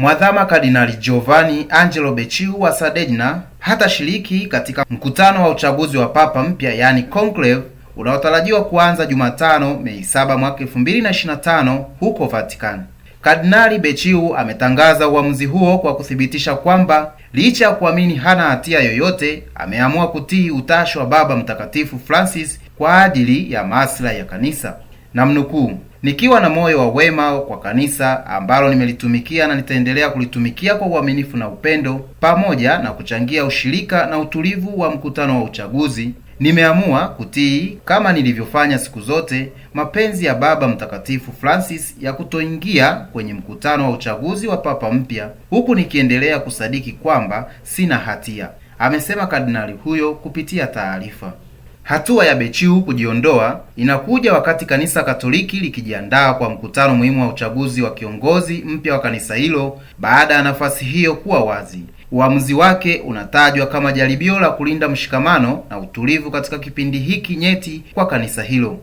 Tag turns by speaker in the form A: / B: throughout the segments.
A: Mwadhama Kardinali Giovanni Angelo Becciu wa Sardegna hatashiriki katika mkutano wa uchaguzi wa Papa mpya yaani conclave unaotarajiwa kuanza Jumatano Mei 7 mwaka 2025 huko Vatican. Kardinali Becciu ametangaza uamuzi huo kwa kuthibitisha kwamba licha ya kuamini hana hatia yoyote, ameamua kutii utashi wa Baba Mtakatifu Francis kwa ajili ya maslahi ya kanisa mnukuu, nikiwa na moyo wa wema kwa kanisa ambalo nimelitumikia na nitaendelea kulitumikia kwa uaminifu na upendo, pamoja na kuchangia ushirika na utulivu wa mkutano wa uchaguzi, nimeamua kutii kama nilivyofanya siku zote mapenzi ya Baba Mtakatifu Francis ya kutoingia kwenye mkutano wa uchaguzi wa papa mpya, huku nikiendelea kusadiki kwamba sina hatia, amesema kardinali huyo kupitia taarifa. Hatua ya Bechiu kujiondoa inakuja wakati Kanisa Katoliki likijiandaa kwa mkutano muhimu wa uchaguzi wa kiongozi mpya wa kanisa hilo baada ya nafasi hiyo kuwa wazi. Uamuzi wake unatajwa kama jaribio la kulinda mshikamano na utulivu katika kipindi hiki nyeti kwa kanisa hilo.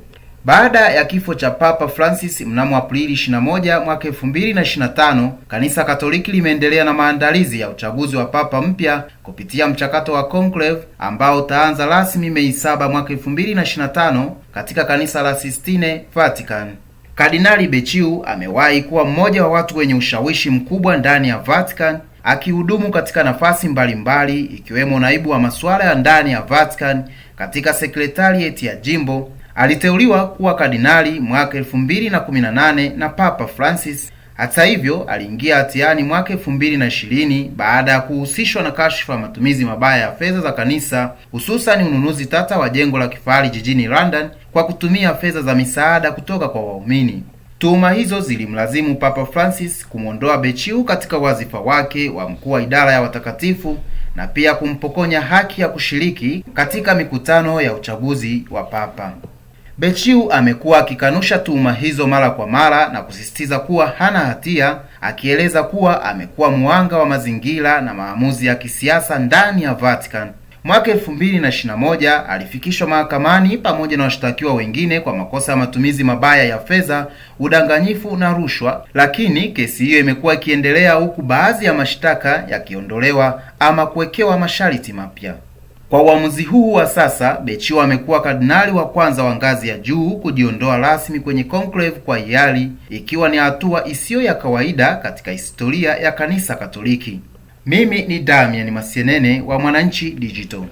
A: Baada ya kifo cha Papa Francis mnamo Aprili 21 mwaka 2025, Kanisa Katoliki limeendelea na maandalizi ya uchaguzi wa Papa mpya kupitia mchakato wa conclave ambao utaanza rasmi Mei 7 mwaka 2025 katika kanisa la Sistine, Vatican. Kardinali Bechiu amewahi kuwa mmoja wa watu wenye ushawishi mkubwa ndani ya Vatican akihudumu katika nafasi mbalimbali mbali, ikiwemo naibu wa masuala ya ndani ya Vatican katika sekretarieti ya jimbo Aliteuliwa kuwa kardinali mwaka mbili na Papa Francis. Hata hivyo, aliingia hatiani mwaka ishirini baada ya kuhusishwa na kashfa ya matumizi mabaya ya fedha za kanisa, hususani ununuzi tata wa jengo la kifahari jijini London kwa kutumia fedha za misaada kutoka kwa waumini. Tuhuma hizo zilimlazimu Papa Francis kumwondoa Bechiu katika wadhifa wake wa mkuu wa idara ya watakatifu na pia kumpokonya haki ya kushiriki katika mikutano ya uchaguzi wa papa. Bechiu amekuwa akikanusha tuhuma hizo mara kwa mara na kusisitiza kuwa hana hatia, akieleza kuwa amekuwa mwanga wa mazingira na maamuzi ya kisiasa ndani ya Vatican. Mwaka moja alifikishwa mahakamani pamoja na washtakiwa wengine kwa makosa ya matumizi mabaya ya fedha, udanganyifu na rushwa, lakini kesi hiyo imekuwa ikiendelea huku baadhi ya mashtaka yakiondolewa ama kuwekewa masharti mapya. Kwa uamuzi huu wa sasa, Bechiwa amekuwa kardinali wa kwanza wa ngazi ya juu kujiondoa rasmi kwenye conclave kwa hiari, ikiwa ni hatua isiyo ya kawaida katika historia ya Kanisa Katoliki. Mimi ni Damian Masienene wa Mwananchi Digital.